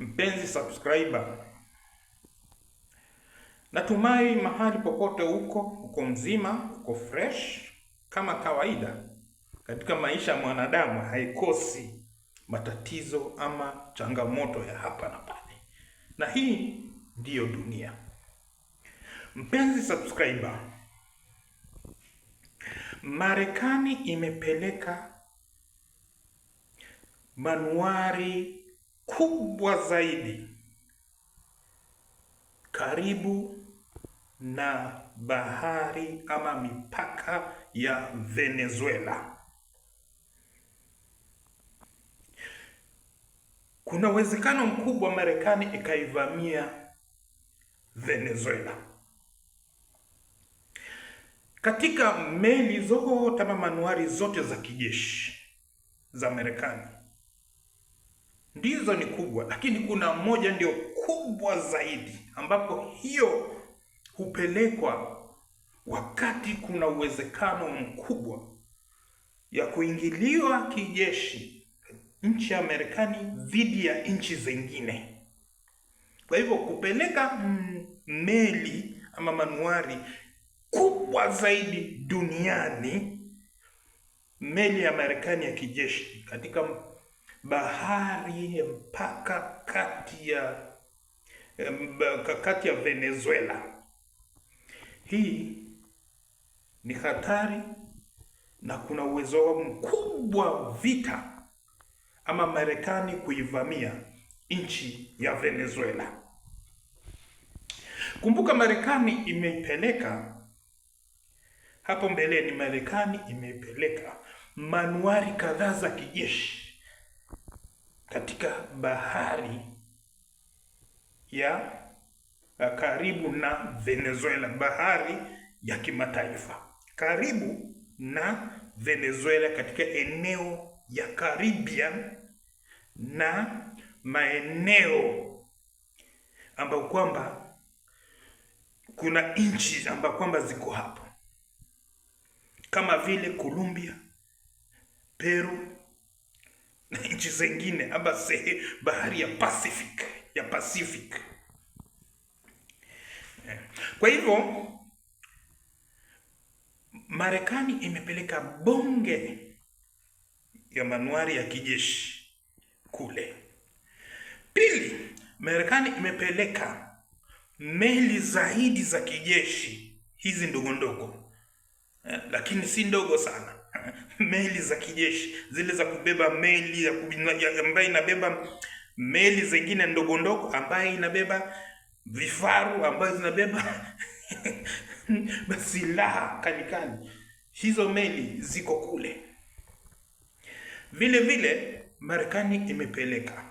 Mpenzi subscriber, natumai mahali popote uko uko mzima, uko fresh kama kawaida. Katika maisha ya mwanadamu haikosi matatizo ama changamoto ya hapa na pale, na hii ndiyo dunia. Mpenzi subscriber, Marekani imepeleka manuari kubwa zaidi karibu na bahari ama mipaka ya Venezuela. Kuna uwezekano mkubwa Marekani ikaivamia Venezuela. Katika meli zote ama manuari zote za kijeshi za Marekani ndizo ni kubwa, lakini kuna moja ndio kubwa zaidi, ambapo hiyo hupelekwa wakati kuna uwezekano mkubwa ya kuingiliwa kijeshi nchi ya Marekani dhidi ya nchi zingine. Kwa hivyo kupeleka meli ama manuari kubwa zaidi duniani, meli ya Marekani ya kijeshi katika bahari mpaka kati ya kati ya Venezuela. Hii ni hatari na kuna uwezo mkubwa vita ama Marekani kuivamia nchi ya Venezuela. Kumbuka Marekani imeipeleka hapo mbeleni, Marekani imeipeleka manuari kadhaa za kijeshi katika bahari ya eh, karibu na Venezuela, bahari ya kimataifa karibu na Venezuela, katika eneo ya Caribbean na maeneo ambayo kwamba kuna nchi ambayo kwamba ziko hapo kama vile Colombia, Peru na nchi zingine ama bahari ya Pacific, ya Pacific. Eh, kwa hivyo Marekani imepeleka bonge ya manuari ya kijeshi kule. Pili, Marekani imepeleka meli zaidi za kijeshi hizi ndogo ndogo, eh, lakini si ndogo sana meli za kijeshi zile za kubeba meli ambayo inabeba meli zingine ndogo ndogo ambayo inabeba vifaru ambayo zinabeba silaha kanikani. Hizo meli ziko kule. Vile vile Marekani imepeleka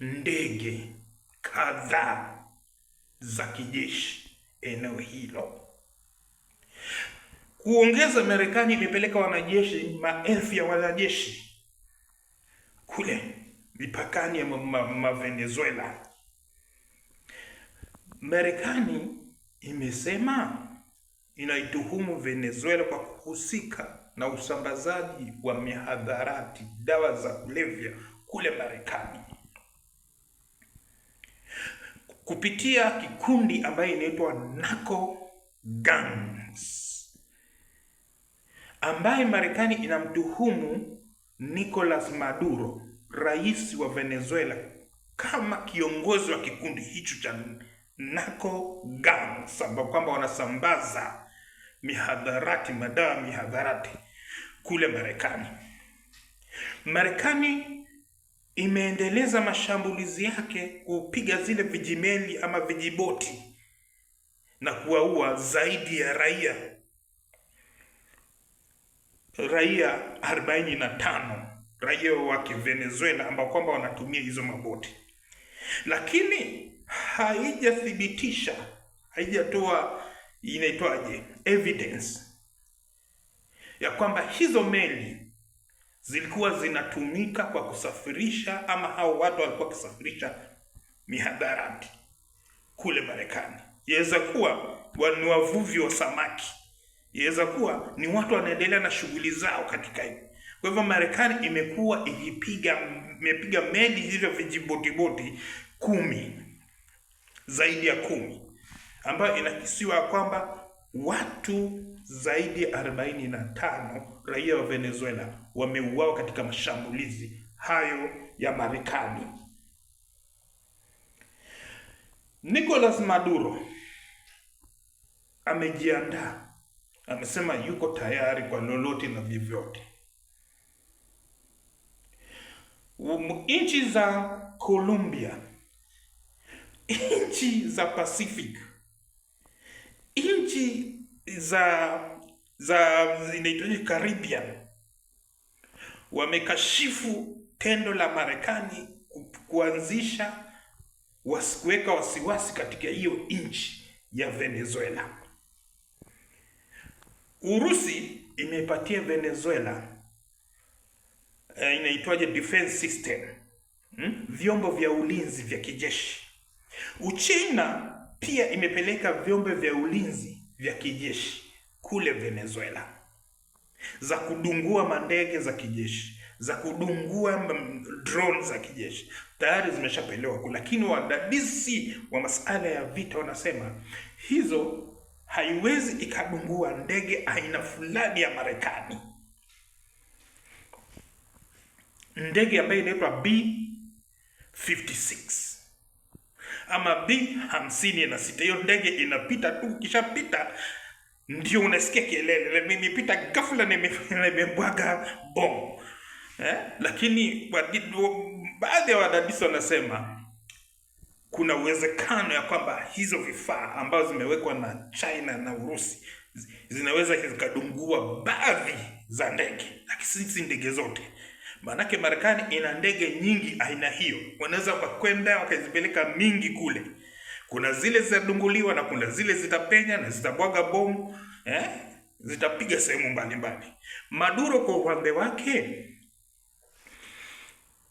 ndege kadhaa za kijeshi eneo hilo kuongeza, Marekani imepeleka wanajeshi, maelfu ya wanajeshi kule mipakani ya ma, ma, ma Marekani imesema inaituhumu Venezuela kwa kuhusika na usambazaji wa mihadharati, dawa za kulevya kule Marekani kupitia kikundi ambayo inaitwa Narco Gangs ambaye Marekani inamtuhumu Nicolas Maduro, rais wa Venezuela, kama kiongozi wa kikundi hicho cha narco gangs, sababu kwamba wanasambaza mihadharati, madawa mihadharati kule Marekani. Marekani imeendeleza mashambulizi yake kupiga zile vijimeli ama vijiboti na kuwaua zaidi ya raia raia 45 raia wa Venezuela ambao kwamba wanatumia hizo maboti, lakini haijathibitisha, haijatoa inaitwaje, evidence ya kwamba hizo meli zilikuwa zinatumika kwa kusafirisha ama hao watu walikuwa wakisafirisha mihadarati kule Marekani. Yaweza kuwa ni wavuvi wa samaki. Yaweza kuwa ni watu wanaendelea na shughuli zao katika hivi. Kwa hivyo Marekani imekuwa ikipiga imepiga meli hizo vijibotiboti kumi zaidi ya kumi ambayo inakisiwa kwamba watu zaidi ya arobaini na tano raia wa Venezuela wameuawa katika mashambulizi hayo ya Marekani. Nicolas Maduro amejiandaa Amesema yuko tayari kwa lolote na vyovyote. Um, nchi za Colombia, nchi za Pacific, nchi za za inaitwaje Caribbean wamekashifu tendo la Marekani kuanzisha kuweka wasiwasi katika hiyo nchi ya Venezuela. Urusi imeipatia Venezuela e, inaitwaje defense system hmm? vyombo vya ulinzi vya kijeshi. Uchina pia imepeleka vyombo vya ulinzi vya kijeshi kule Venezuela za kudungua mandege za kijeshi za kudungua drone za kijeshi tayari zimeshapelewa, lakini wadadisi wa masala ya vita wanasema hizo haiwezi ikadungua ndege aina fulani ya Marekani, ndege ambayo inaitwa B56 ama B 56 Hiyo ndege inapita tu, ukishapita ndio unasikia kelele, imepita ghafla, nimebwaga bomu eh? Lakini baadhi ya wadadisi wanasema kuna uwezekano ya kwamba hizo vifaa ambazo zimewekwa na China na Urusi zinaweza zikadungua baadhi za ndege, lakini si ndege zote. Maanake Marekani ina ndege nyingi aina hiyo, wanaweza wakakwenda wakazipeleka mingi kule. Kuna zile zitadunguliwa na kuna zile zitapenya na zitabwaga bomu eh, zitapiga sehemu mbalimbali. Maduro kwa upande wake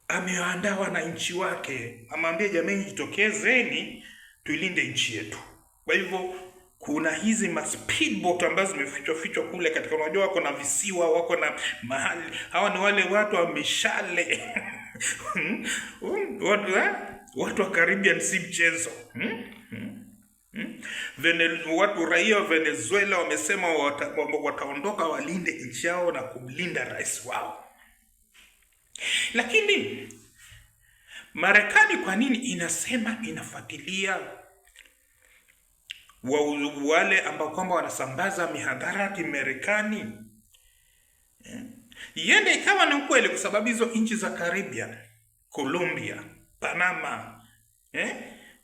amewaandaa wananchi wake, amwambie jamii, jitokezeni tuilinde nchi yetu. Kwa hivyo kuna hizi ma speedboat ambazo zimefichwa fichwa kule katika, unajua wako na visiwa, wako na mahali. Hawa ni wale watu wa mishale hmm? watu, eh? watu wa Caribbean si mchezo hmm? hmm? hmm? watu raia wa Venezuela wamesema wataondoka, wata walinde nchi yao na kumlinda rais wao. Lakini Marekani kwa nini inasema inafuatilia wale ambao kwamba wanasambaza mihadharati Marekani? Yende eh? ikawa ni ukweli, kwa sababu hizo nchi za Caribbean, Colombia, Panama, eh?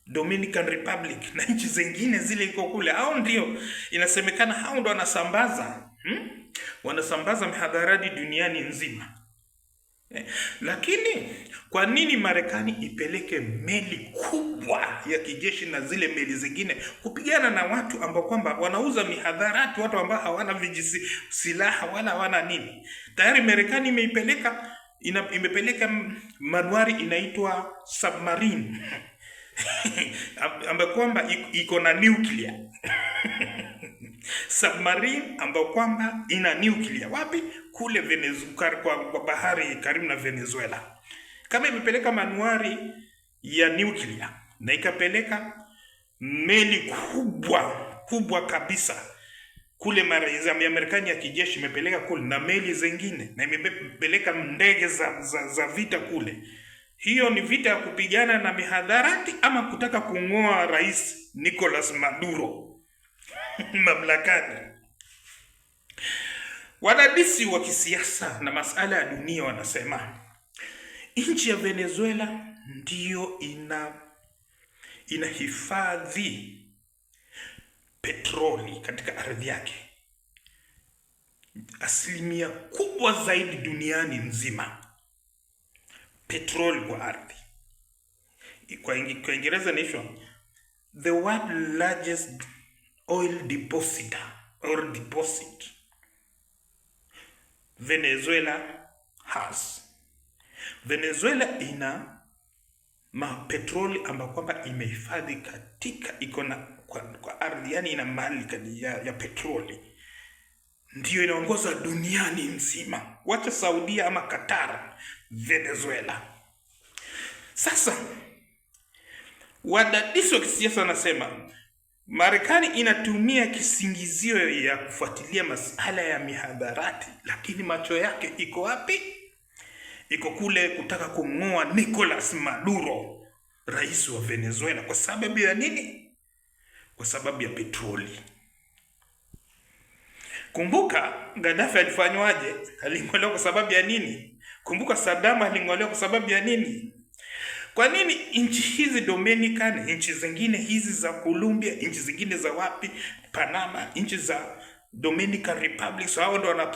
Dominican Republic na nchi zingine zile iko kule, hao ndio inasemekana hao ndio wanasambaza hmm? wanasambaza mihadharati duniani nzima lakini kwa nini Marekani ipeleke meli kubwa ya kijeshi na zile meli zingine kupigana na watu ambao kwamba wanauza mihadharati, watu ambao hawana silaha wala hawana nini? Tayari Marekani imeipeleka ina, imepeleka manuari inaitwa submarine ambayo kwamba iko na nuclear submarine ambayo kwamba ina nuclear wapi? Kule Venezuela, kwa, kwa bahari karibu na Venezuela. Kama imepeleka manuari ya nuclear na ikapeleka meli kubwa kubwa kabisa kule ya Marekani ya kijeshi imepeleka kule na meli zingine na imepeleka ndege za, za, za vita kule. Hiyo ni vita ya kupigana na mihadharati ama kutaka kung'oa Rais Nicolas Maduro. mamlakani. Wadadisi wa kisiasa na masuala ya dunia wanasema nchi ya Venezuela ndiyo ina inahifadhi petroli katika ardhi yake asilimia kubwa zaidi duniani nzima, petroli kwa ardhi. Kwa Kiingereza inaitwa the world largest oil depositor or deposit Venezuela has. Venezuela ina mapetroli ambayo kwamba imehifadhi katika iko na kwa, kwa ardhi yani ina mali ya, ya petroli ndiyo inaongoza duniani nzima wacha Saudia ama Qatar. Venezuela sasa, wadadisi wa kisiasa wanasema Marekani inatumia kisingizio ya kufuatilia masuala ya mihadharati lakini macho yake iko wapi? Iko kule kutaka kumng'oa Nicolas Maduro, rais wa Venezuela. Kwa sababu ya nini? Kwa sababu ya petroli. Kumbuka Gaddafi alifanywaje? Aling'olewa kwa sababu ya nini? Kumbuka Saddam aling'olewa kwa sababu ya nini? Kwa nini nchi hizi Dominican, nchi zingine hizi za Colombia, nchi zingine za wapi, Panama, nchi za Dominican Republic, so hao ndo na,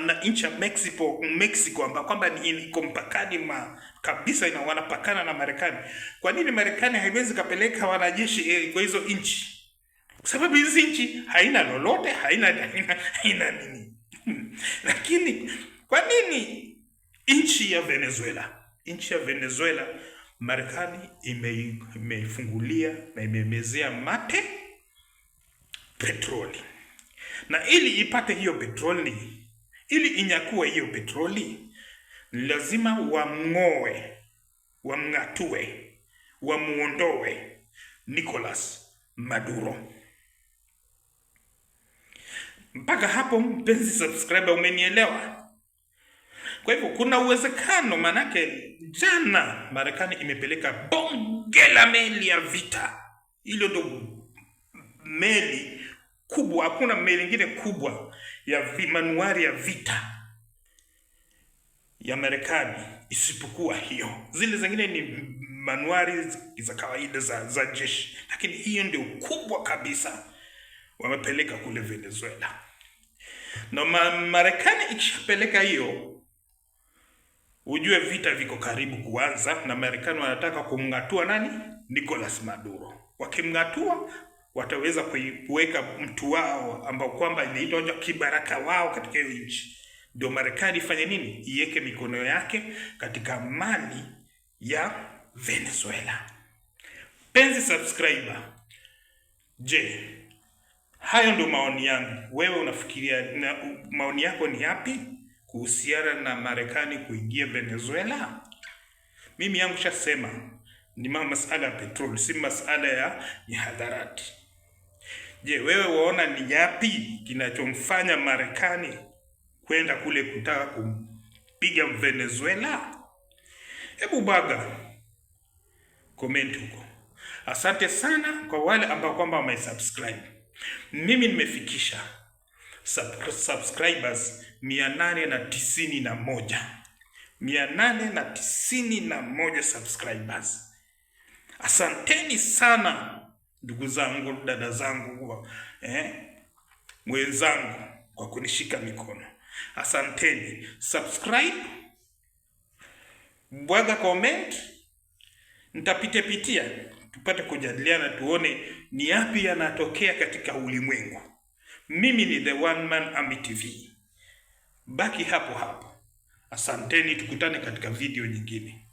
na nchi ya Mexico, Mexico ambayo kwamba iko mpakani ma kabisa ina wanapakana na Marekani. Kwa nini Marekani haiwezi kapeleka wanajeshi eh, kwa hizo nchi? Kwa sababu hizi nchi haina lolote, haina haina, haina nini lakini kwa nini nchi ya Venezuela, nchi ya Venezuela Marekani imeifungulia ime na imemezea mate petroli, na ili ipate hiyo petroli, ili inyakue hiyo petroli, lazima wamng'oe, wamng'atue, wamuondoe Nicolas Maduro. Mpaka hapo mpenzi subscriber, umenielewa? Kwa hivyo kuna uwezekano, maanake jana Marekani imepeleka bonge la meli ya vita. Hilo ndo meli kubwa, hakuna meli nyingine kubwa ya manuari ya vita ya Marekani isipokuwa hiyo. Zile zingine ni manuari za kawaida za, za jeshi, lakini hiyo ndio kubwa kabisa wamepeleka kule Venezuela, na Marekani ikishapeleka hiyo ujue vita viko karibu kuanza, na Marekani wanataka kumng'atua nani? Nicolas Maduro. Wakimng'atua wataweza kuweka mtu wao ambao kwamba inaitwa kibaraka wao katika hiyo nchi. Ndio Marekani ifanye nini? Iweke mikono yake katika mali ya Venezuela. Penzi subscriber, je, hayo ndio maoni yangu. Wewe unafikiria na maoni yako ni yapi? kuhusiana na Marekani kuingia Venezuela? Mimi yangu shasema ni masala ya petroli, si masala ya mihadarati. Je, wewe waona ni yapi kinachomfanya Marekani kwenda kule kutaka kumpiga Venezuela? Hebu baga comment huko. Asante sana kwa wale ambao kwamba wamesubscribe. Mimi nimefikisha sub subscribers mia nane na tisini na moja mia nane na tisini na moja subscribers. Asanteni sana ndugu zangu, dada zangu, eh, mwenzangu kwa kunishika mikono. Asanteni, subscribe, bwaga comment, nitapitapitia tupate kujadiliana, tuone ni yapi yanatokea katika ulimwengu. Mimi ni the one man Ammy TV. Baki hapo hapo. Asanteni, tukutane katika video nyingine.